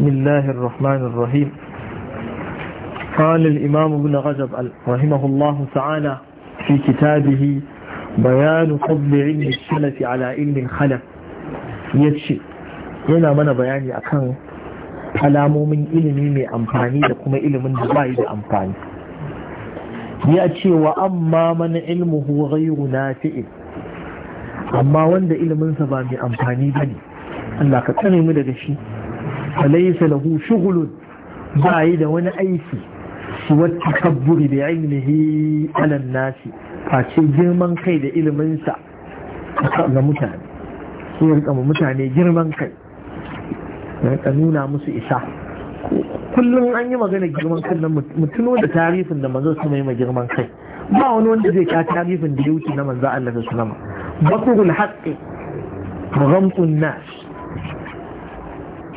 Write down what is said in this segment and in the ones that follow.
بسم الله الرحمن الرحيم قال الإمام ابن رجب رحمه الله تعالى في كتابه بيان فضل علم السلف على علم الخلف يتشي هنا من بياني أكان ilimi mai amfani da kuma ilimin da ba da amfani ya ce amma man ilmuhu ghayru nafi'in amma wanda iliminsa ba mai amfani bane Allah ka mu shi فليس له شغل بعيد وانا ايسي سوى التكبر بعلمه على الناس فاشي جرمان كيد الى منسى ga mutane sai ya rika mutane girman kai ya nuna musu isa kullum an yi magana girman kai nan mutuno da tarifin da manzo sama yi ma girman kai ba wani wanda zai ka tarifin da ya wuce na manzo Allah da sunama bakrul haqqi ghamtun nas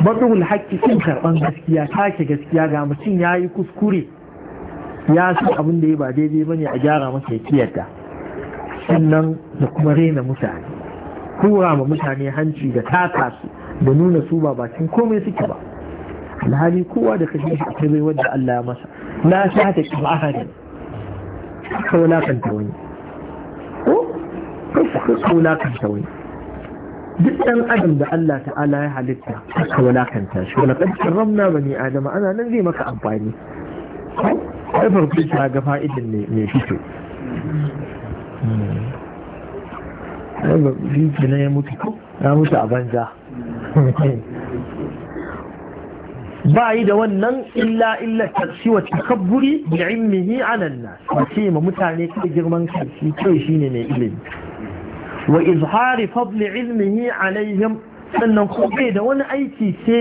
baɗuhul haƙƙi sun karɓar gaskiya take gaskiya ga mutum ya yi kuskure ya san abin da ya ba daidai ba ne a gyara masa ya ta sannan da kuma rena mutane kura ma mutane hanci da taka su da nuna su ba bakin komai suke ba alhali kowa da kashe shi akwai bai Allah ya masa na sha ta kiba ahadin ka wulakanta wani duk ɗan adam da Allah ta'ala ya halitta aka walakanta shi wani ƙarfin ramna bane adama ana nan zai maka amfani ai farko ta ga fa'idin ne mai fito ai ba shi ya mutu ko ya mutu a banza ba yi da wannan illa illa tarshi wa takabburi bi ilmihi ala nas ba ce ma mutane kai girman kai shi ne shine mai ilimi wa izhari fadli ilmihi alaihim sannan ko bai da wani aiki ce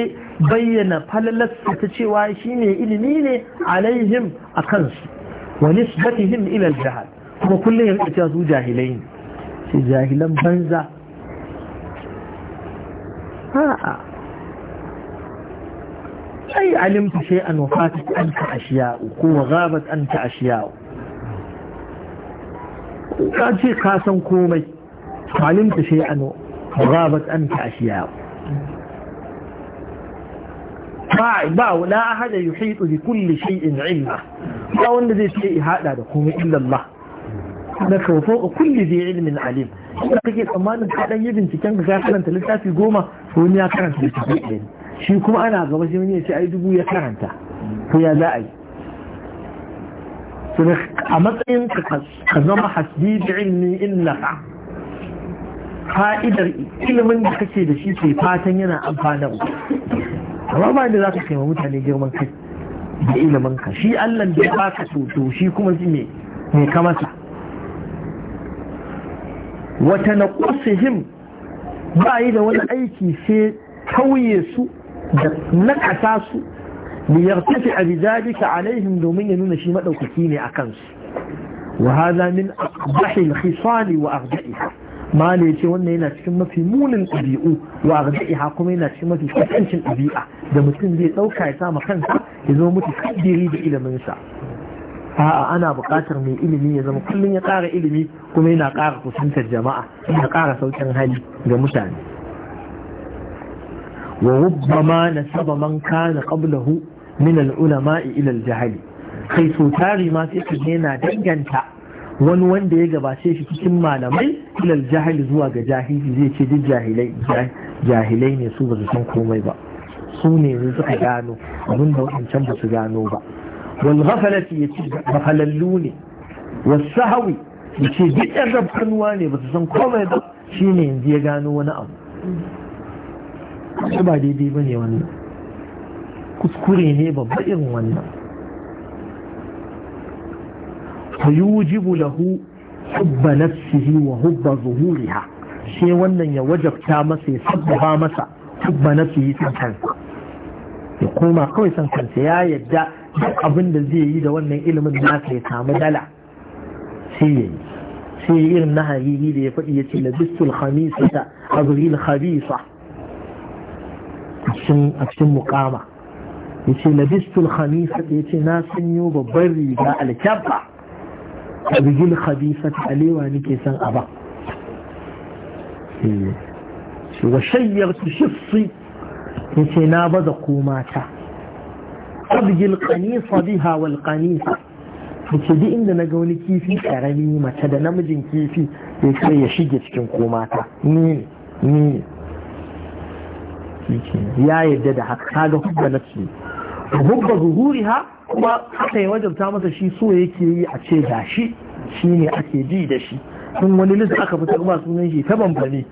bayyana falalarsa ta cewa shi ne ilimi ne alaihim a kansu wa nisbatihim ila jahal kuma kullum ya rika su jahilai ne jahilan banza a'a ai alimta shay'an wa fatat anka ashiya'u ko wa ghabat anka ashiya'u ka ce ka san komai علمت شيئا غابت أنت أشياء ba a la ahada da bi kulli in ilma ba wanda zai ce ihada da komai illa na da ka fauka kulli zai ilmin alim da kake tsammanin ka dan yi binciken ka karanta littafi goma ko wani ya karanta littafi ɗaya shi kuma ana gaba shi wani ya ce ai dubu ya karanta ko ya za a yi a matsayin ka zama hasbi bi ilmi illa fa'idar ilimin da kake da shi ke fatan yana amfanar amma ba da za ka kai mutane girman kai da ilimin ka shi allan da ya baka to shi kuma shi me ka masa wata na him ba yi da wani aiki sai kauye su da nakasa su liyartafi a bizalika alaihim domin ya nuna shi maɗaukaki ne a kansu وهذا من أقبح wa وأغبئها mala ya ce wannan yana cikin mafi munin ɗabi'u wa ha kuma yana cikin mafi kwatancin ɗabi'a da mutum zai ɗauka ya sama kansa ya zama mutu kaddiri da sa a'a ana buƙatar mai ilimi ya zama kullum ya ƙara ilimi kuma yana ƙara kusantar jama'a yana ƙara saukin hali ga mutane wa rubbama nasaba man kana qablahu min al-ulama'i ila al kai so tari ma sai yana danganta wani wanda ya gabace shi cikin malamai ilal jahili zuwa ga jahili zai ce duk jahilai ne su ba su san komai ba su ne suka gano abin da wancan ba su gano ba wal ghafalati ce ghafalallu ne was sahawi ce duk yan kanuwa ne ba su san komai ba Shi ne yanzu ya gano wani abu ba daidai ne wannan kuskure ne babba irin wannan فيوجب له حب نفسه وحب ظهورها sai wannan ya wajabta masa ya sabbaba masa hubba nafsihi san kansa ya koma kawai san kansa ya yadda duk abin da zai yi da wannan ilimin nasa ya samu dala sai ya yi sai ya irin na hariri da ya faɗi ya ce labistul khamisa ta azril khabisa a cikin mukama ya ce labistul khamisa ta ya ce na sanyo babban riga alkyabba abigil khabisa alewa nake san a ba eh. wa shayyar shifsi ya ce na da koma ta abigil kanisa biha wal kanisa ya ce duk inda na ga wani kifi karami mace da namijin kifi ya ce ya shige cikin koma ta ni ya yadda da haka kaga hubba A hubba ha kuma haka ya wajabta masa shi so yake yi a ce ga shi shi ne ake ji da shi sun wani lissa aka fitar ba sunan shi ta bambane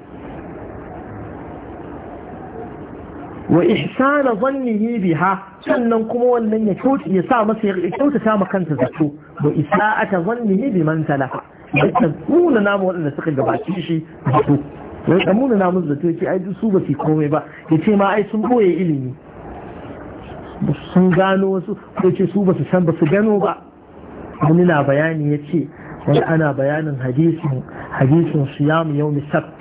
wa ihsana zannihi biha sannan kuma wannan ya kyauta ya sa masa ya kyautata ma kansa zato wa isa'ata zannihi bi man salafa dukkan nuna namu waɗanda suka gabaci shi zato wai kamuna namu zato ya ce ai su ba su komai ba ya ce ma ai sun ɓoye ilimi sun gano wasu ko ce su ba su san ba su gano ba wani na bayani ya ce wani ana bayanin hadisin hadisin siyam yau sabt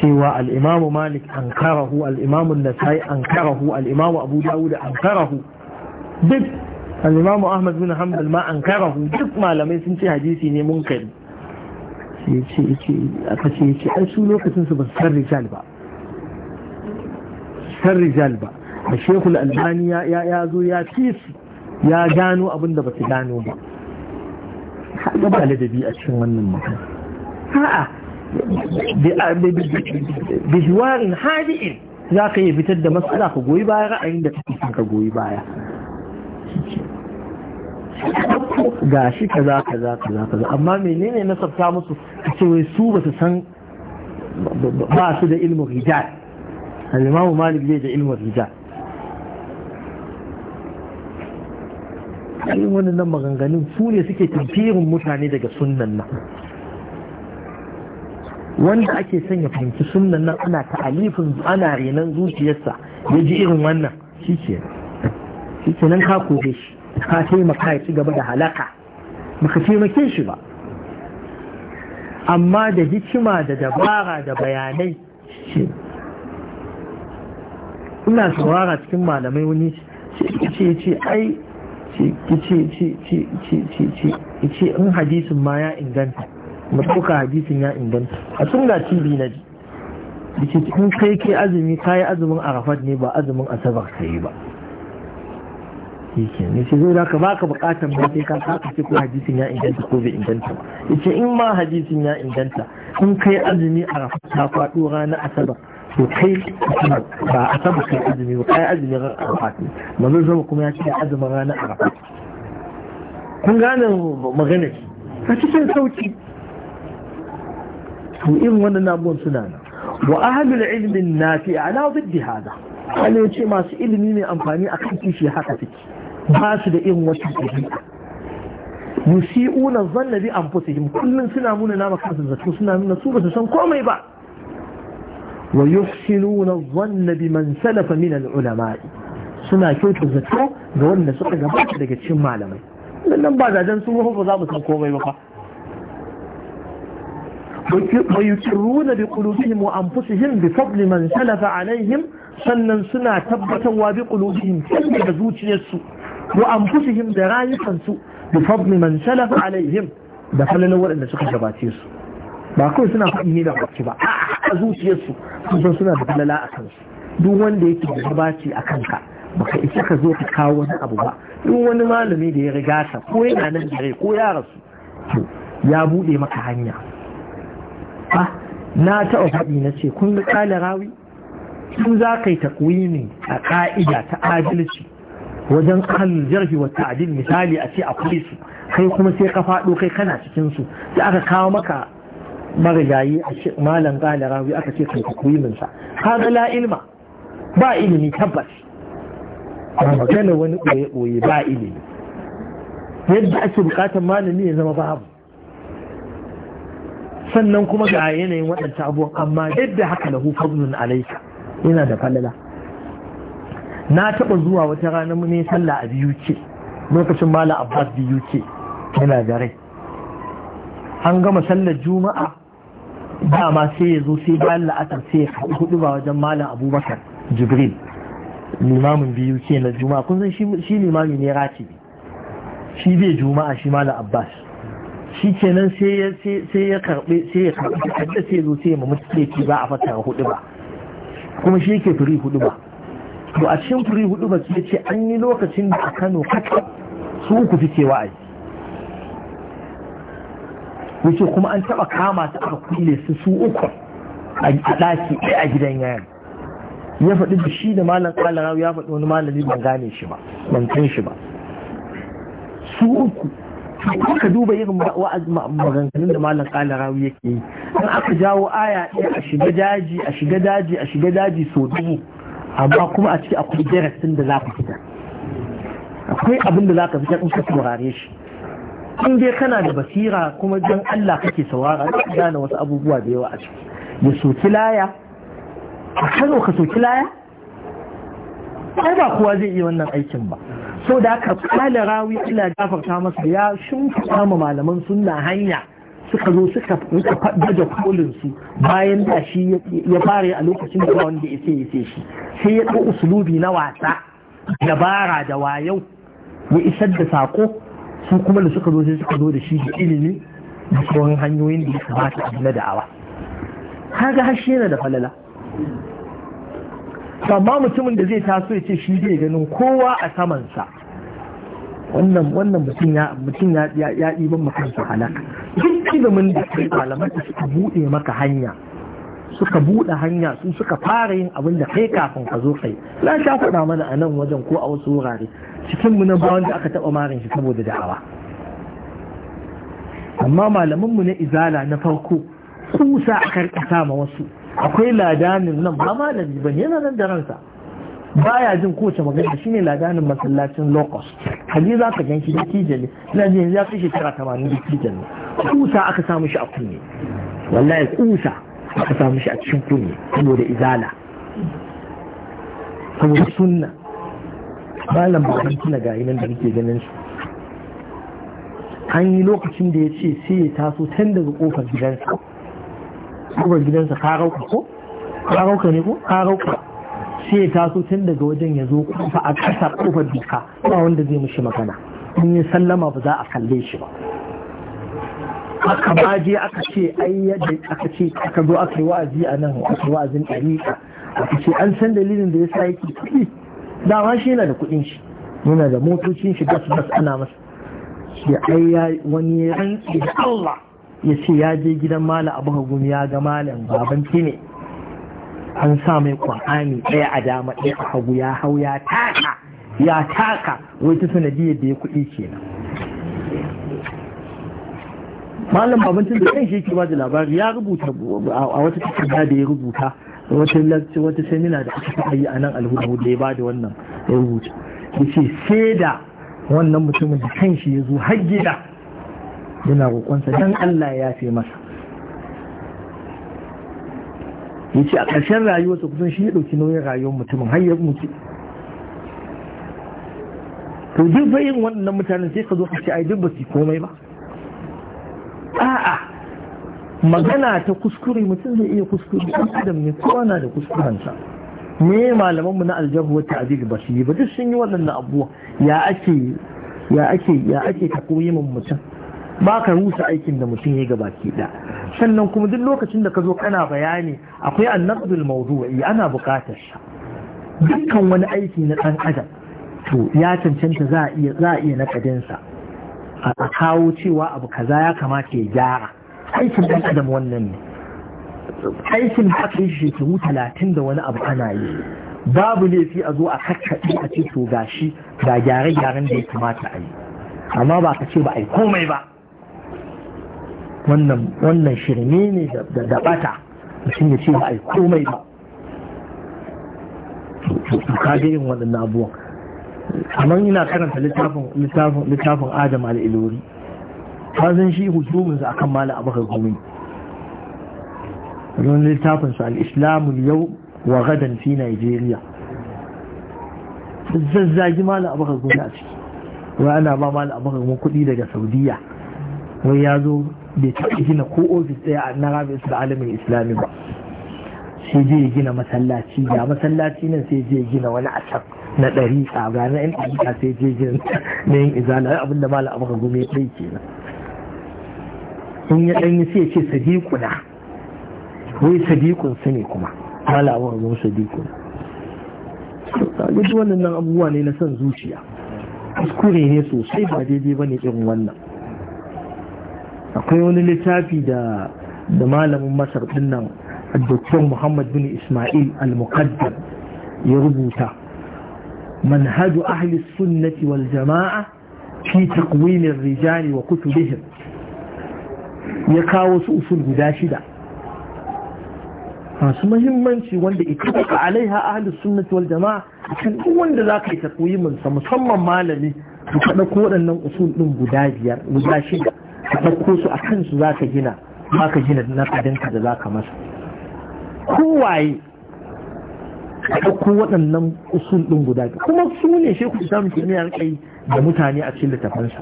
cewa al'imamu malik an karahu al'imamu nasai an karahu al'imamu abu dawud an karahu duk al'imamu ahmad bin hanbal ma an karahu duk malamai sun ce hadisi ne mun sai ce ce aka ce ce ai su lokacin su ba su san rijal ba san rijal ba da shekul albani ya zo ya fi su ya gano abin da ba su gano ba haɗa ba ladabi a cikin wannan mutum a'a bihiwarin hadi'in za ka yi fitar da matsala ka goyi baya ra'ayin da kake son ka goyi baya ga shi kaza kaza kaza kaza amma menene na sabta musu ce wai su ba su san ba su da ilmin rijal al-imamu malik bai da ilmin rijal irin wannan maganganun su ne suke tafirin mutane daga sunnan nan wanda ake son ya fahimci sunnan nan ana ta'alifin ana renan zuciyarsa ya ji irin wannan shi ke shi ke nan ka kobe shi ka taimaka ya ci gaba da halaka baka taimake shi ba amma da hikima da dabara da bayanai shi ina saurara cikin malamai wani ce ce ai ce ce in hadisin ma ya inganta matuka hadisin ya inganta a sunna tv na ji ce cikin kai ke azumi kayi azumin arafat ne ba azumin asabar ka yi ba yake ne ce zai zaka baka bukatan ba sai ka saka ce ko hadisin ya inganta ko bai inganta ba ce in ma hadisin ya inganta in kai azumi arafat ta faɗo ranar asabar to kai ba a saba azumi ba kai azumi ran arafat manzon sama kuma ya ce azumin ranar arafat kun gane magana ce a cikin sauki to irin wannan abubuwan suna nan wa ahlul ilmin nafi ala diddi hada wani ce masu ilimi mai amfani a kan kishi haka suke ba su da irin wata ɗabi'a yusi'una zanna bi anfusihim kullum suna muna nama kansu zato suna nuna su ba su san komai ba ويحسنون الظن بمن سلف من العلماء suna kyautar zato ga wanda suka gabata daga cikin malamai sannan ba zazen sun ruhu ba za mu san komai ba fa wa yukirruna bi qulubihim wa anfusihim bi fadli man salafa alaihim sannan suna tabbatarwa bi qulubihim kan da zuciyarsu wa anfusihim da rayukansu bi fadli man salafa alaihim da falalar waɗanda suka gabace su ba kawai suna faɗi ne da baki ba a'a a zuciyarsu kusan suna da falala a kansu duk wanda yake da gabaci a kanka baka isa ka zo ka kawo wani abu ba duk wani malami da ya riga ta, ko yana nan da rai ko ya rasu to ya bude maka hanya ah na taɓa faɗi na ce kun ga kala rawi in za ka yi takwini a ƙa'ida ta adalci wajen kan jarhi wa ta'adil misali a ce akwai su kai kuma sai ka faɗo kai kana cikin su sai aka kawo maka marigayi a malam gane rawi aka ce kan minsa kaga la ilma ba ilimi tabbas ba magana wani ɓoye-ɓoye ba ilimi yadda ake bukatar malami ya zama babu sannan kuma ga yanayin waɗanta abubuwan amma yadda haka na hufa fadlun alaika yana da falala na taɓa zuwa wata rana ne sallah a biyu ce lokacin mala abbas biyu ce yana da rai an gama sallar juma'a dama sai ya zo sai bayan la'atar sai ya hudu ba wajen malam abubakar jibril limamin biyu ke na juma'a kun san shi limami ne raci shi bai juma'a shi malam abbas shi kenan sai ya karbi sai ya karbi sai sai zo sai mamu sai ba a fatar hudu ba kuma shi yake firi hudu ba to a cikin firi hudu ba ya ce an yi lokacin da a Kano kaka su ku fi fice wa'azi yace kuma an taba kama su aka kulle su su uku a ɗaki ɗaya a gidan yayin ya faɗi da shi da malam ƙalarawa ya faɗi wani malami ban gane shi ba ban san shi ba su uku kuma ka duba irin maganganun da malam rawu yake yi in aka jawo aya ɗaya a shiga daji a shiga daji a shiga daji sau dubu amma kuma a ciki akwai darasin da za ka fitar akwai abin da za ka fitar in ka turare shi in dai kana da basira kuma don Allah kake saurara ka gane wasu abubuwa da yawa a ciki ya soki laya a kano ka soki laya ai ba kowa zai iya wannan aikin ba so da aka kala rawi ila masa ya shimfiɗa ma malaman sunna hanya suka zo suka rika daga kolin su bayan da shi ya fara a lokacin da wanda ya ce ya ce shi sai ya ɗau usulubi na wasa dabara da wayau ya isar da sako su kuma da suka zo sai suka zo da shi da ilimi da sauran hanyoyin da ya kamata a na da'awa kaga har shi yana da falala amma mutumin da zai taso ya ce shi zai ganin kowa a samansa wannan wannan mutum ya mutum ya ya ɗiban maka halaka duk ilimin da kai suka buɗe maka hanya suka buɗe hanya su suka fara yin abin da kai kafin ka zo kai na sha faɗa mana a nan wajen ko a wasu wurare cikin mu na bawan da aka taɓa marin shi saboda da'awa amma malaman mu na izala na farko kusa a karkata ma wasu akwai ladanin nan ba malami ba yana nan da ransa baya jin kowace magana shi ne ladanin masallacin locust hali za ka ganshi da kijali ina jin ya fi shekara tamanin da kijali kusa aka samu shi a kunne wallahi kusa aka samu shi a cikin kunne saboda izala saboda sunna ba lambarin tuna ga nan da nake ganin su an yi lokacin da ya ce sai ya taso tun daga kofar gidansa kofar gidansa karauka ko karauka ne ko karauka sai ya taso tun daga wajen ya zo kofa a ƙasa kofar duka ba wanda zai mushi magana in yi sallama ba za a kalle shi ba aka baje aka ce ai aka ce aka zo aka yi wa'azi a nan aka yi wa'azin ɗariƙa aka ce an san dalilin da ya sa yake kuɗi dama shi yana da kuɗin shi yana da motocin shi gas gas ana masa shi ai ya wani ya rantsi da Allah ya ce ya je gidan mala abu hagum ya ga malam baban ne an sa mai ƙwa'ani ɗaya a dama ɗaya a hagu ya hau ya taka ya taka wai ta sanadiyar da ya kuɗi kenan malam babantin da kan shi yake ba da labari ya rubuta a wata takarda da ya rubuta wata lakci wata semina da aka yi a nan alhudu da ya ba da wannan ya rubuta ya ce sai da wannan mutumin da kan shi ya zo har gida yana roƙonsa don Allah ya fi masa ya ce a ƙarshen rayuwarsa kusan shi ya ɗauki nauyin rayuwar mutumin har ya mutu to duk bayin waɗannan mutanen sai ka zo ka ce ai duk ba su komai ba magana ta kuskure mutum zai iya kuskure ɗan adam ne kowa na da kuskurensa me malaman mu na aljabu wata adil ba su yi ba duk sun yi waɗannan abubuwa ya ake ya ake ta koyi min mutum ba ka rusa aikin da mutum ya gaba ke da sannan kuma duk lokacin da ka zo kana bayani akwai annabdul mawdu'i ana buƙatar sa dukkan wani aiki na ɗan adam to ya cancanta za a iya za a iya a kawo cewa abu kaza ya kamata ya gyara aikin ɗan adam wannan ne aikin da aka yi shekaru talatin da wani abu ana yi babu laifi a zo a kakkaɗe a ce to gashi ga gyare-gyaren da ya kamata a yi amma ba ka ce ba a yi komai ba wannan shirme ne da bata mutum ya ce ba a yi komai ba ka ga yin waɗannan abubuwan amma ina karanta littafin adam al'ilori ka san shi hujjuminsa a kan mala abakar gumi don littafinsa al'islamun yau wa gadan fi nigeria zazzagi mala abakar gumi a ciki wai ana ba mala abakar gumi kuɗi daga saudiya wai ya zo bai taɓa gina ko ofis ɗaya na rabin su da alamin islami ba sai zai gina masallaci ga masallaci nan sai zai gina wani a can na ɗari tsaga. Na yan ɗari sai zai gina na yin izala abinda mala abakar gumi ya ɗai kenan in ya ɗanyi sai ce sadiquna wai sadikun su ne kuma halawar mu sadiqun duk wannan abubuwa ne na son zuciya kuskure ne sosai ba daidai ba ne irin wannan akwai wani littafi da da malamin masar dinnan doktor muhammad bin ismail al-muqaddam ya rubuta manhaju ahli sunnati wal jama'a fi taqwim ar wa kutubihim ya kawo su usul guda shida masu muhimmanci wanda ita alaiha ahlus sunnati wal jama'a kan duk wanda za ka yi takwimin sa musamman malami su faɗa ko waɗannan usul ɗin guda biyar guda shida ka ɗauko su a su za ka gina za ka gina na ka da za ka masa kowaye ka ɗauko waɗannan usul ɗin guda biyar kuma su ne shekul samun kimiyya kai da mutane a cikin littafansa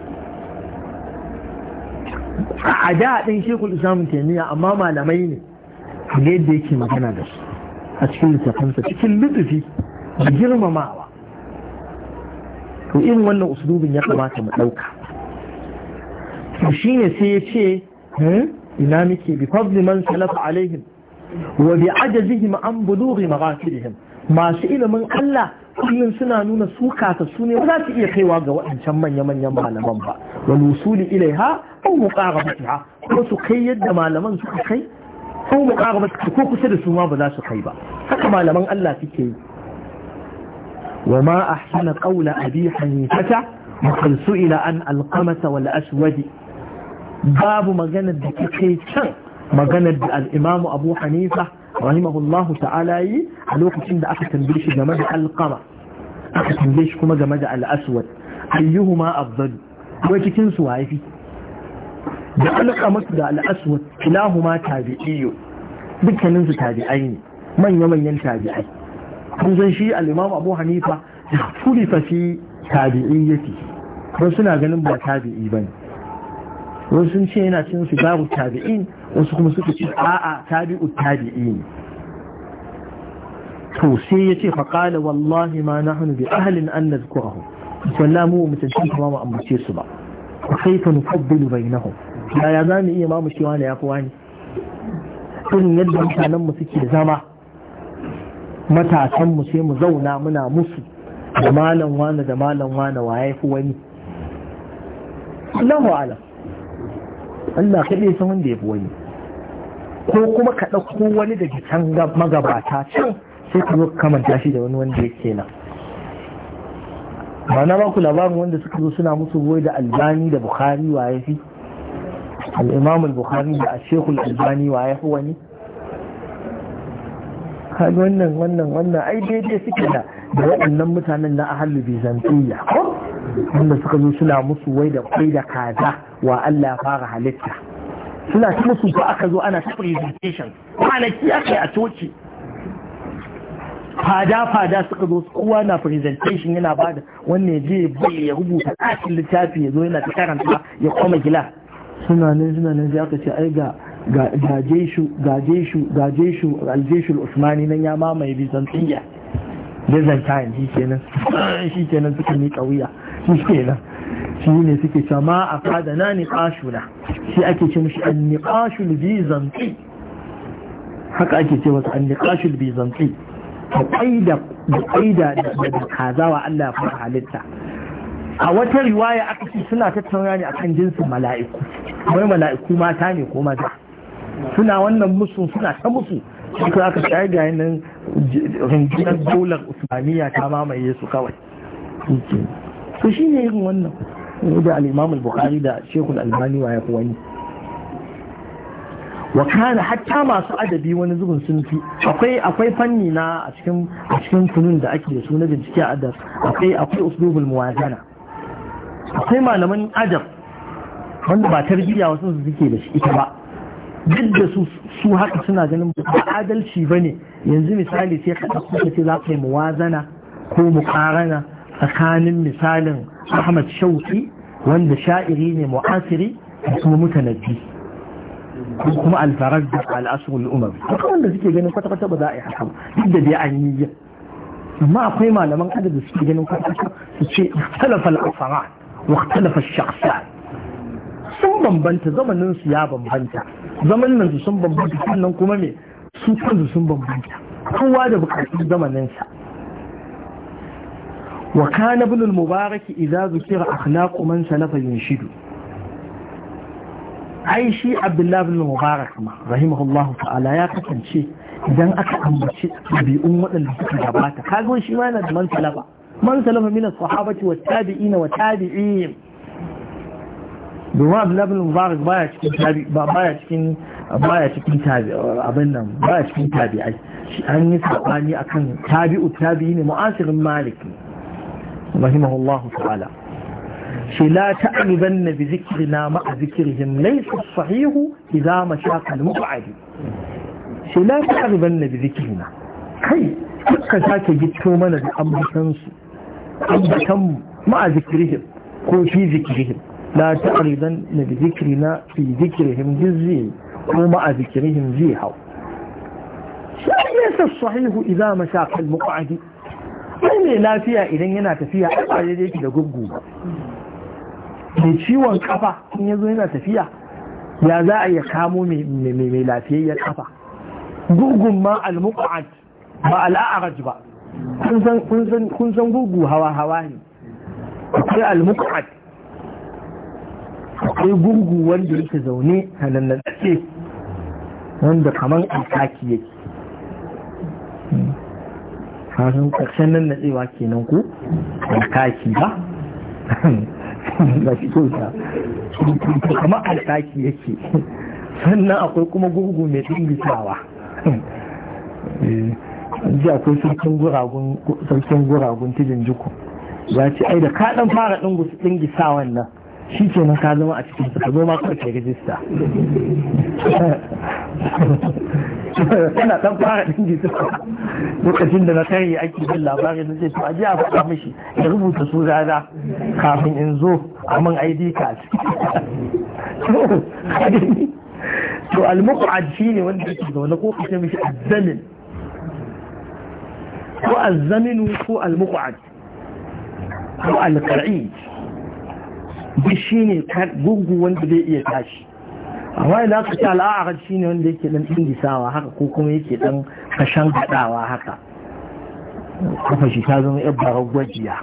a da ɗin shekul islamun taimiyya amma malamai ne ga yadda yake magana da su a cikin littafansa cikin lutufi da girmamawa to irin wannan usulubin ya kamata mu ɗauka to shi ne sai ya ce hmm, ina muke bi fadli man salafa alaihim wa bi ajazihim an bulughi maqasidihim masu ilimin Allah kullum suna nuna su kasassu ne ba za su iya kaiwa ga waɗancan manya-manyan malaman ba wani usuli ilaiha ko ha, ko su kai yadda malaman suka kai ko mutu ko kusa da su ma ba za su kai ba haka malaman Allah suke yi wa ma ahsana qawla abi hanifata wal aswadi babu maganar da باب can كيكي كان al الإمام abu hanifa. rahimahullahu ta'ala yi a lokacin da aka tambaye shi game da alqama aka tambaye shi kuma game da al-aswad ayyuhuma afdal wai cikin su wafi da alqama da al-aswad kilahuma tabi'iyyu dukkanin su tabi'ai ne manya-manyan tabi'ai kun san shi al-imam Abu Hanifa ya tulifa fi tabi'iyyati wasu suna ganin ba tabi'i bane wasu sun ce yana cin su babu tabi'in wasu kuma suka ce a'a tabi'u tabi'i ne to sai ya ce faƙala wallahi ma na hannu bi ahalin an na zukurahu walla mu mutunci kuma mu ambace su ba kai fa nufaddilu bainahum yaya za mu iya ma mu cewa ne ya wani irin yadda mutanen mu suke zama matasan mu sai mu zauna muna musu da malam wani da malam wani waye fi wani Allahu alam Allah kaɗai san wanda ya fi wani ko kuma ka ɗauko wani daga can magabata can sai ka zo kamar shi da wani wanda yake nan ba na ba ku labarin wanda suka zo suna musu goyi da albani da bukhari wa ya fi al'imam bukari da ashekul albani wa ya fi wani kaji wannan wannan wannan ai daidai suke da da waɗannan mutanen na ahalu bizantiyya wanda suka zo suna musu wai da kwai da kaza wa Allah fara halitta suna ta musu ba aka zo ana ta presentation kwanaki aka yi a coci fada-fada suka zo kowa na presentation yana ba da wannan je bai ya rubuta ɗakin littafi ya zo yana ta karanta ya koma gila suna nan suna nan sai aka ce ai ga gajeshu gajeshu gajeshu aljeshu usmani nan ya mamaye bizantiya byzantine shi kenan shi kenan suka ne wuya shi kenan shi ne suke sama a fada na niƙashuna shi ake ce mashi an niƙashul bizanti haka ake ce wasu an niƙashul bizanti ta ƙaida da ƙaida da kazawa Allah ya fara halitta a wata riwaya aka ce suna tattauna ne akan jinsin mala'iku wani mala'iku mata ne ko maza suna wannan musu suna ta musu suka aka tsaye ga yanin rinjinar daular usmaniya ta mamaye su kawai su shi ne yin wannan ni da al al-bukhari da shekul albani wa ya fi wani wa kana hatta masu adabi wani zubin sun fi akwai fanni na a cikin a da ake da su a bincike adab akwai akwai uslubul muwazana akwai malaman adab wanda ba tarbiyya wasu su suke da shi ita ba duk da su haka suna ganin ba adalci bane yanzu misali sai ka ɗauka ce za ka yi muwazana ko mukarana tsakanin misalin Ahmad Shauki wanda sha'iri ne mu'asiri da kuma mutanabbi ko kuma alfarar da al'asr al'umar haka wanda suke ganin kwata-kwata ba za a yi haka duk da dai an yi amma akwai malaman adab da suke ganin kwata-kwata su ce talafa al'asara wa talafa shakhsa sun bambanta zamanin su ya bambanta zamanin su sun bambanta sannan kuma me su kansu sun bambanta kowa da bukatun sa. wa kana ibn al-mubarak idza zukira akhlaqu man salafa yunshidu ai shi abdullah ibn mubarak ma rahimahullahu ta'ala ya kasance idan aka ambaci ɗabi'un waɗanda suka gabata kaga shi ma yana da man salafa man salafa min as-sahabati wa mubarak baya cikin tabi baya cikin baya cikin tabi abin nan baya cikin tabi'ai an yi sabani akan tabi'u tabi'in mu'asirin malik ne رحمه الله تعالى لا تعلبن بذكرنا مع ذكرهم ليس الصحيح إذا مشاق المبعد لا تعلبن بذكرنا كي كتاك جدتو من الأمبتنس أمبتن مع ذكرهم كو في ذكرهم لا تعلبن بذكرنا في ذكرهم جزي ومع ذكرهم زيها ليس الصحيح إذا مشاق المقعد sai mai lafiya idan yana tafiya a tsaye da yake da gugu mai ciwon kafa in yanzu yana tafiya ya za a iya kamo mai lafiyayyar kafa gugun ma al-muqa'ad ba al-a'raj ba kun san gugu hawa hawa ne akwai al-muqa'ad akwai gugu wanda yake zaune nan tsaye wanda kaman alkaki yake kasu ƙarshen nan natsewa kenan ku alkaki ba ba shi kyauta kuma alkaki yake sannan akwai kuma gurgu mai ɗingitawa eh, ji akwai sarkin guragun tijin jiku ya ce ai da kaɗan fara ɗingisawan nan shi ke na ka zama a cikin su ka zo ma kawai kai rajista yana dan fara dingi su lokacin da na tare ake bin labarin na ce to aje a faɗa mishi ya rubuta su rana kafin in zo a man ID card to al-muqad ne wanda yake zaune ko kace mishi azzamin ko azzaminu ko al-muqad ko al-qar'id duk shi ne gungu wanda zai iya tashi wani da aka ce al'a'ar shi ne wanda yake dan ɗingisawa haka ko kuma yake dan kashan gadawa haka kafa shi ta zama yan barar gwajiya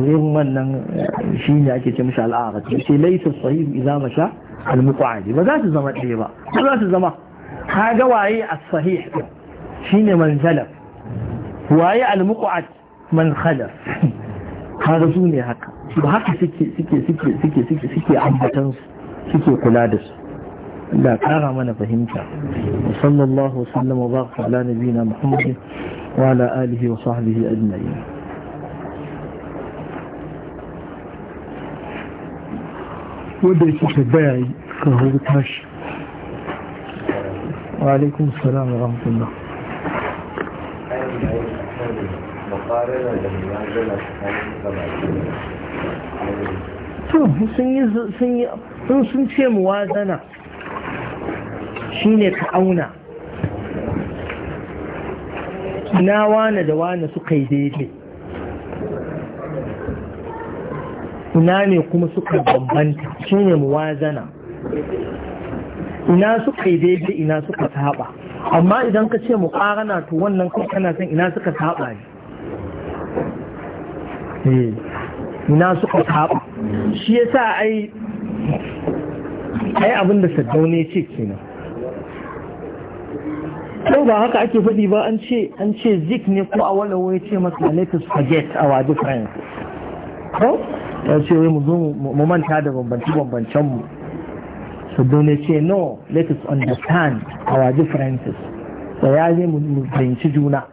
yin wannan eh, shi ne ake ce mishi al'a'ar ce laisa sahihu idza masha al muqaddi ba za su zama ɗaya ba ba za su zama ka ga waye as-sahih shine man salaf waye al muqaddi man khalaf kaga su ne haka ba haka suke suke su suke kula da su da kara mana fahimta sallallahu wasallam wa baraka ala nabiyina muhammadin wa ala alihi wa sahbihi ajma'in wanda yake tabbaya ka hau tashi wa alaikum salam wa rahmatullah makarana da munazala tsakanin sun sun yi sun sun ce muwazana shine ka auna na wane da wane suka yi daidai ina ne kuma suka bambanta shi mu muwazana ina suka yi daidai ina suka saba amma idan ka ce mu na to wannan kuma kana san ina suka saba ne Eh. ina suka saba shi sa ai ai abin da saddaune ce kenan ko ba haka ake faɗi ba an ce an ce zik ne ko a wala wai ce masa let us forget our difference ko ya ce wai mu zo mu manta da bambanci bambancen mu saddaune ce no let us understand our differences da ya zai mu fahimci juna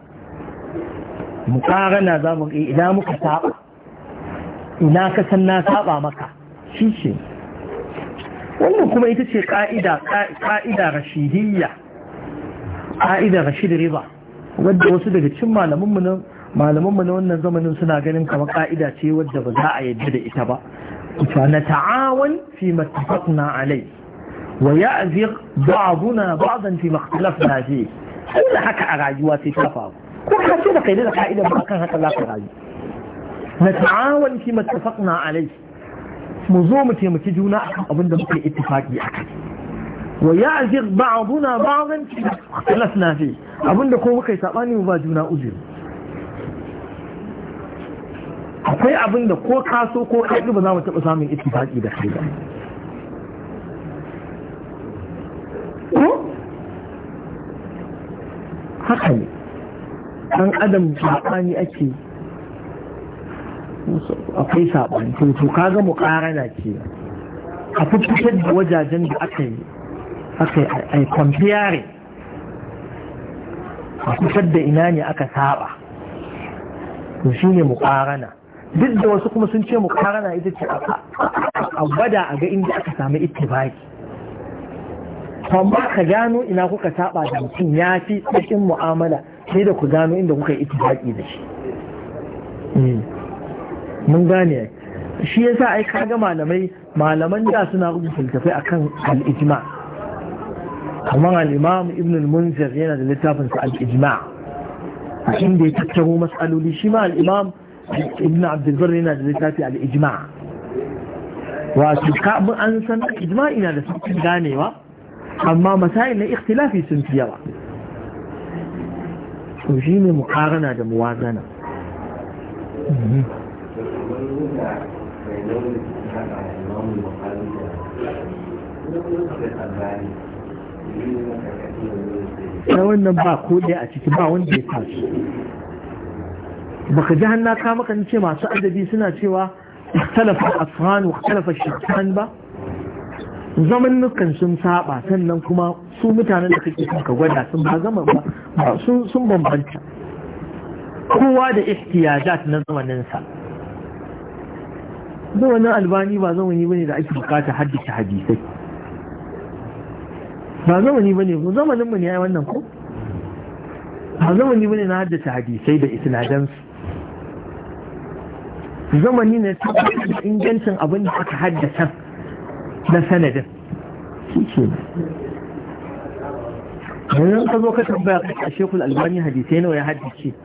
mu ƙara na zamu idan muka saba ina ka san na saba maka shi ce wannan kuma ita ce ka'ida rashidiyya ka'ida rashid riba wadda wasu daga cin malamanmu na wannan zamanin suna ganin kama ka'ida ce wadda ba za a yadda da ita ba ita na ta'awan fi mattafaqna alai wa ya'zir ba'duna ba'dan fi makhtalafna fi haka a rayuwa sai ta faru ko ka ce da kai da ka'ida ba kan haka za ka rayu na ta'awon fi matafakna alai mu zo mu taimaki juna a kan abin da muka yi ittifaki a kai wa ya zir ba'aduna da fi na fi abinda ko muka yi saɓani mu ba juna uzuri akwai abinda ko kaso ko kaɗi ba za mu taɓa samun ittifaki da kai ba haka ne ɗan adam saɓani ake akwai saɓani to ka ga mu ƙarana ke a fitar da wajajen da aka yi aka yi kwamfiyari a fitar da ina ne aka saba to shi ne mu ƙarana duk da wasu kuma sun ce mu ƙarana ita ce a gwada a ga inda aka samu ittifaki amma ka gano ina kuka saba da mutum ya fi tsakin mu'amala sai da ku gano inda kuka yi ita ittifaki da shi hmm. mun gane shi yasa ai kaga malamai malaman da suna rubuta littafai akan al-ijma kamar al-imam ibn al-munzir yana da littafin sa al-ijma a inda ya tattaro mas'aloli shi ma al-imam ibn abdul barr yana da littafi al-ijma wato ka an san ijma ina da sauƙin ganewa amma masail na ikhtilafi sun fi yawa to shine muqarana da muwazana na wannan ba ko ɗaya a ciki ba wanda ya tashi baka ji hannu ka maka ce masu adabi suna cewa talafa asran wa ikhtalafa ba zaman nukan sun saba sannan kuma su mutanen da kake son ka gwada sun ba zama ba sun bambanta kowa da ihtiyajat na zamaninsa da wannan albani ba zamani bane da ake bukata haddace hadisai ba zamani bane ko zamanin mu ne ai wannan ko ba zamani bane na haddace hadisai da isnadan zamani ne ta ingancin abin da aka haddasa na sanadin shi ke yanzu ka zo ka tambaya a shekul albani hadisai nawa ya haddace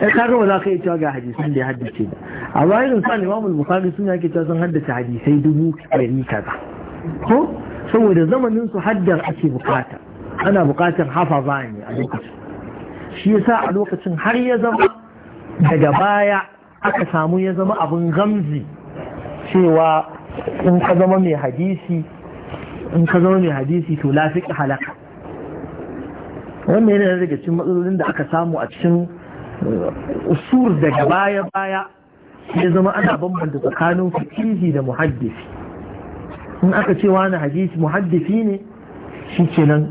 sai eh, ka ga za ka yi cewa ga hadisan da ya haddace ba a zahirin sa ne mamul bukari sun yake cewa sun haddace hadisai dubu ɗari kaza ko saboda zamanin su haddar ake bukata ana bukatar hafaza ne a lokacin shi yasa a lokacin har ya zama daga baya aka samu ya zama abin gamzi cewa in ka zama mai hadisi in ka zama mai hadisi to halaka wannan yana daga cikin matsalolin da aka samu a cikin usur daga baya-baya ya zama ana bambanta tsakanin fikihi da muhaddisi in aka ce wani hadisi muhaddisi ne shi ce nan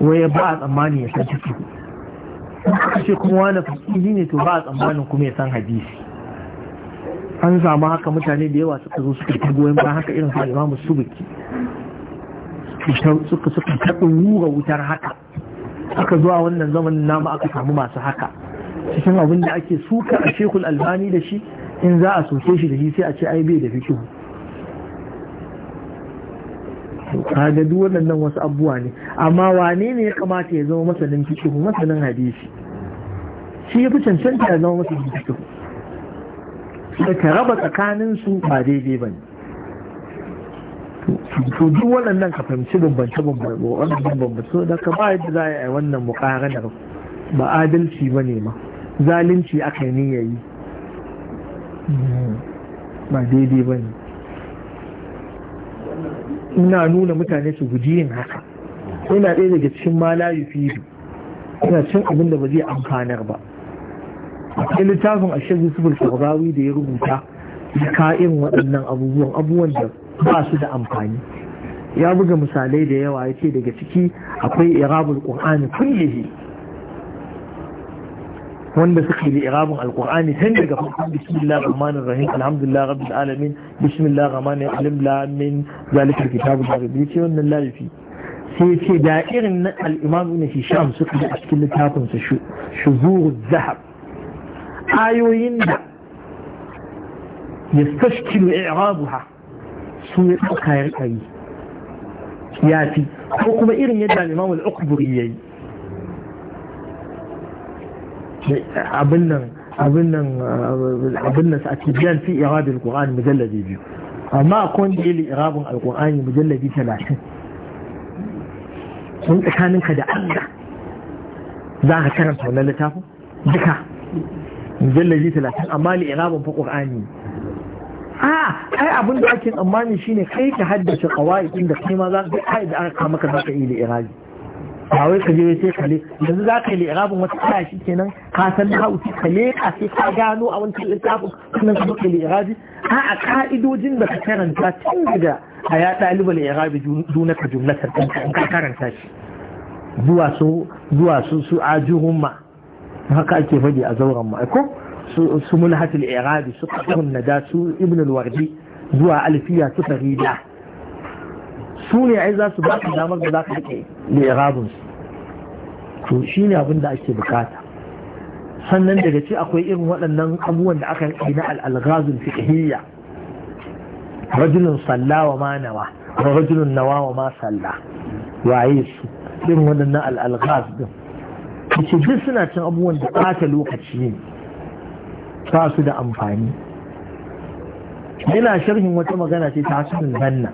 waya ba a tsammani ya san ciki in aka ce kuma wani fikihi ne to ba a tsammanin kuma ya san hadisi an zama haka mutane da yawa suka zo suka ta goyon bayan haka irin sa imamu subuki suka suka taɓa wuga wutar haka aka zuwa wannan zamanin nama aka samu masu haka cikin abin da ake suka a shekul albani da shi in za a soke shi da shi sai a ce ai bai da Ka da duk waɗannan wasu abubuwa ne amma wane ne ya kamata ya zama masanin fikihu masanin hadisi shi ya fi cancanta ya zama masanin fikin da ka raba tsakanin su ba daidai ba ne to duk waɗannan ka fahimci bambance bambance waɗannan bambance da ka ba yadda za a yi wannan muƙarar ba adalci ba ne ma zalunci aka yi yayi ba daidai ba ne ina nuna mutane su guji yin haka Ina ɗaya daga cikin ma la yufidu ina cin abin da ba zai amfanar ba akwai littafin ashir yusuf al da ya rubuta da irin waɗannan abubuwan abubuwan da ba su da amfani ya buga misalai da yawa ya ce daga ciki akwai irabul ƙur'ani kullihi wanda suke da irabun alkur'ani tun daga farkon bismillah rahman rahim alhamdulillah rabbil alamin bismillah rahman rahim lamin zalikal kitabu da rabbi ce wannan lafi sai ce da irin na al-imam ibn hisham suka yi a cikin littafin sa shuzuru zahab ayoyin da yastashkilu i'rabuha su ya dauka kai ya fi ko kuma irin yadda al-imam al-uqburi yayi abin nan abin a cibiyar fi irabin qur'an mujalladi biyu amma akwai wanda yayi irabin alqur'ani mujalladi 30 sun tsakaninka da Allah za ka karanta wannan littafin duka mujalladi talatin, amma li irabin fa ƙur'ani? a kai abin da ake tsammani shine kai ka haddace qawaidin da kai ma za ka kai da aka kama ka za ka yi li irabi ba wai ka je sai kale yanzu za ka yi irabin wata kaya shi kenan ka san hau sai ka leka sai ka gano a wancan littafin sannan ka baka irabi a a ka'idojin da ka karanta tun daga a ya ɗalibar irabi dunaka jumlatar ɗin ka karanta shi zuwa su zuwa su su ajuhumma haka ake faɗi a zauren ma ko su mulhatul irabi su qatarun nada su ibn al-wardi zuwa alfiya su farida su ne ai za su ba su damar da za ka rike li irabun su to shi ne abin da ake bukata sannan daga ce akwai irin waɗannan abubuwan da aka yi na al'algazin fiƙihiyya rajinin sallawa wa ma nawa wa rajinin nawa wa ma salla waye su irin waɗannan al'algaz din duk suna cin abubuwan da ɓata lokaci ne ba su da amfani yana sharhin wata magana ce ta hasan banna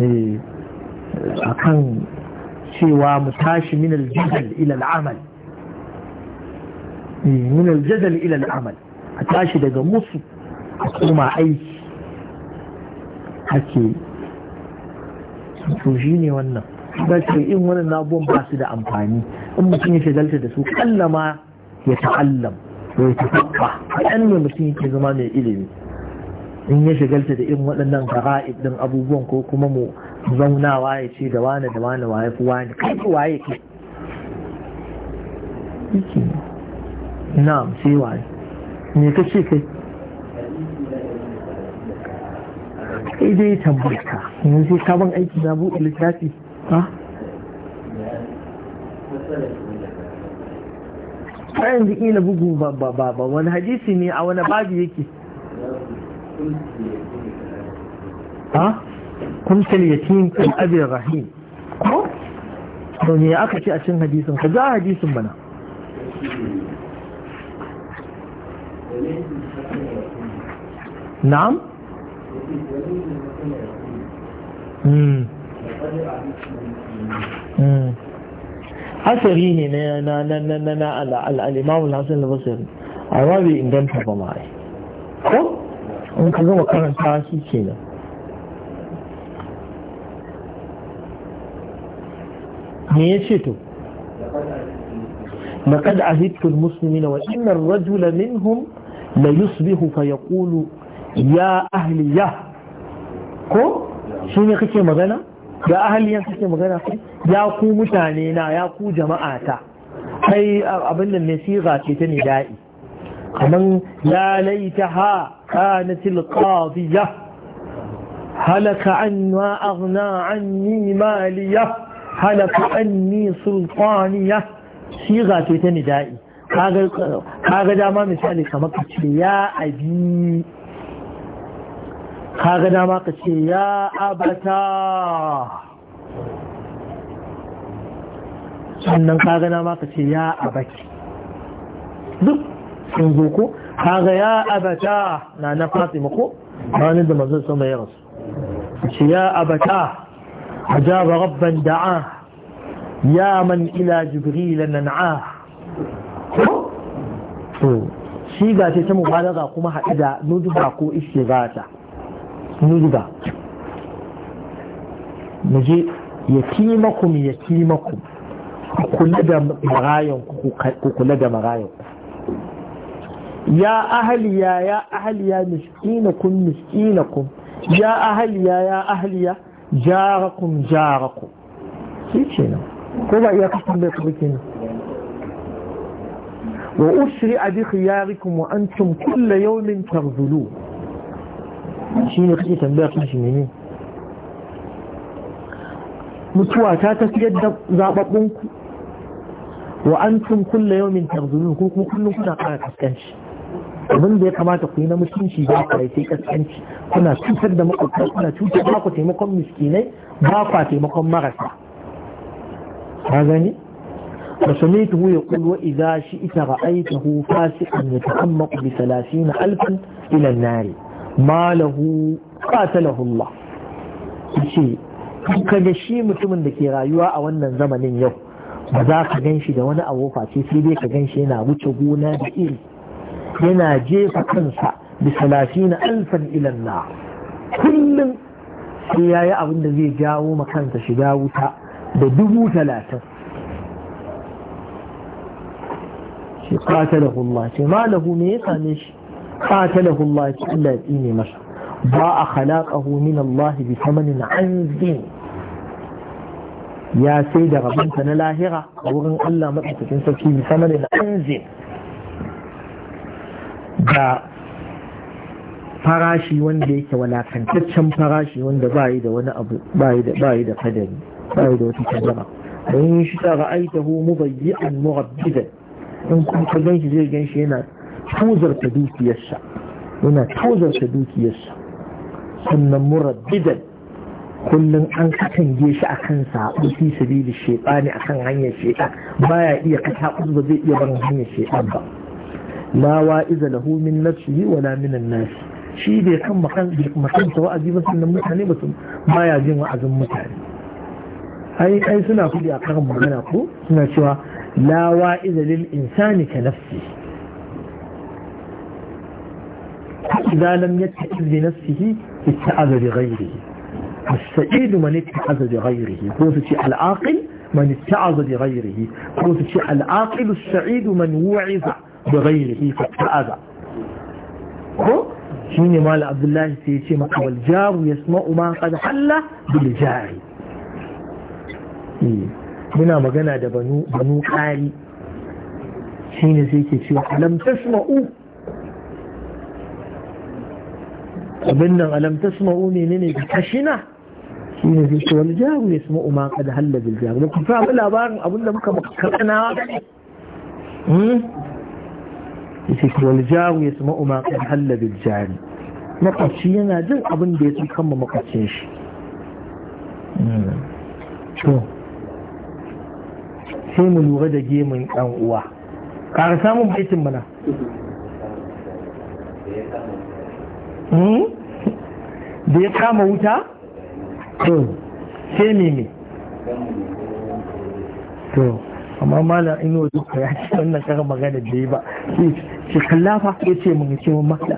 eh, a kan cewa mu tashi min aljadal ila al'amal eh, min aljadal ila al'amal a tashi daga musu a koma aiki ake to shi ne wannan gaske in wannan nabon ba su da amfani in mutum ya shagalta da su kallama ya ta'allam ko ya a ɗan ne mutum ke zama mai ilimi in ya shagalta da irin waɗannan fara'id ɗin abubuwan ko kuma mu zaunawa ya ce da wane da wane waye fi wane kai ko waye ke yake na'am sai waye ne ka ce kai kai dai tabbata yanzu sai sabon aiki na buɗe littafi ha kayan jiki na bugu ba wani hadisi ne a wani babu yake ha كنت اليتيم كم أبي الرحيم دوني أخي شيء أشن هديث كذا هديث بنا نعم أسريني نا نا نا نا نا على على الإمام الحسن البصري أرابي إن دم حبا معي خو إن كذا وكان تاسي كذا me ya ce to لقد عهدت المسلمين وإن الرجل منهم ليصبح فيقول يا أهلي يا ko shi ne kake magana ga kake magana ya ku mutane na ya ku jama'a ta kai abin da siga ce ta nida'i kaman ya laita ha kanatil qadiya halaka an wa aghna anni maliya halaka anni sultaniya ga ce ta nida'i kaga dama misali kamar ka ce ya abi kaga dama ka ce ya abata sannan kaga dama ka ce ya abaki duk sun zo ko kaga ya abata na na fatima ko ranar da mazan sama ya rasu ya abata أجاب ربا دعاه يا من إلى جبريل ننعاه شيغا تيتا مبالغة قمها إذا نجبا قو إشيغاتا نجبا نجي يكيمكم يكيمكم كلدا مغايون كلدا مغايون يا أهلي يا أهلي مسكينكم مسكينكم يا أهلي يا أهلي, يا أهلي جاركم جاركم سيكينا نعم. كوبا يكتب بكينا نعم. وأسرع بخياركم وأنتم كل يوم تغذلوا كيف خيطي تنبيه خاشميني نعم. متواتا يد زابطنكم وأنتم كل يوم تغذلوا كوكو كلكم كنا قاركتنش كل abin da ya kamata ku yi na mutunci ba ku sai kaskanci kuna cutar da makwabta kuna cutar ba ku taimakon miskinai ba ku taimakon marasa ka gani وسميته يقول وإذا شئت رأيته فاسقا يتعمق بثلاثين alfin إلى النار ما له قاتله الله شيء kaga shi mutumin da ke rayuwa a wannan zamanin yau ba za ka gan shi da wani abu face sai dai ka gan shi yana wuce gona da iri yana jefa kansa bi salatina alfan ilan na kullum sai ya yi abin da zai jawo ma kansa shiga wuta da dubu talatin shi qatalahu Allah ce ma lahu me ya same shi qatalahu Allah ce Allah ya tsine masa ba a khalaqahu min Allah bi thamanin anzin ya sai da rabinta na lahira a wurin Allah madaukakin sarki bi thamanin anzin da farashi wanda yake walakantaccen farashi wanda ba yi da wani abu ba da da kadari yi da wata kadara yin shi ta bayi an murabbidan in kuma ka ganshi zai ganshi yana tauzarta dukiyarsa yana tozarta dukiyarsa sannan murabbidan kullum an katange shi a sabu fi sabili a akan hanyar ba baya iya kata ba zai iya ban hanyar shaytan ba لا وائز له من نفسه ولا من الناس شيء ده كان مكان مكان سواء دي بس من المتحني بس ما يجي وعز المتحني أي أي سنة أقول يا كرم مكان أقول سنة شو لا واعز للإنسان كنفسه إذا لم يتعذ لنفسه اتعذ لغيره السعيد من اتعذ لغيره قوة شيء العاقل من اتعذ لغيره قوة شيء العاقل السعيد من وعذ da ghairihi fa ta'aza ko shi ne mala abdullahi sai ya ce maka wal ya yasma'u ma qad halla bil jari muna magana da banu Kari shi ne sai ke cewa alam tasma'u abin nan Alamta alam ne ne da kashina shi ne sai wani jaru ya sama umar kada halla bil jaru ba ku samu labarin abin da muka karkana yace wal ya yasma'u ma qad halla jari makwabci yana jin abin da ya fi kama makwabcin shi to sai mu lura da gemun ɗan uwa ƙara samun baitin mana hmm? da ya kama wuta to sai meme to amma mala ino duka ya ce wannan karin magana da yi ba ce kalla fa ya ce mun ce mun maka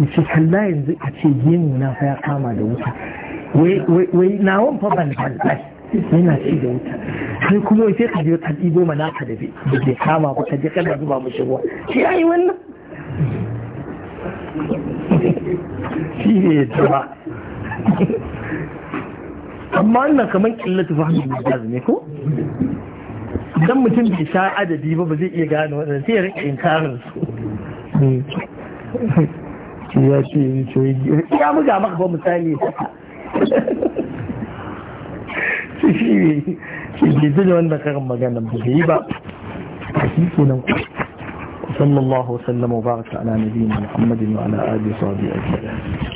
ya ce kalla yanzu a ce yin na fa ya kama da wuta wai na fa ban ban yana ci da wuta sai kuma sai ka je ka ɗibo mana ka da bai kama ba ka je da zuba mu ruwa shi yi wannan shi ne ba amma wannan kamar killatu fahimtar da ne ko idan mutum bai sha adadi ba ba zai iya gano wannan sai ya rika inkarin su ya ce yi coyi ya buga maka ba misali su shi ne shi ne zai da wanda karin magana ba zai yi ba a shi kenan ku sallallahu wasallam wa baraka ala nabiyina muhammadin wa ala alihi wa sahbihi ajma'in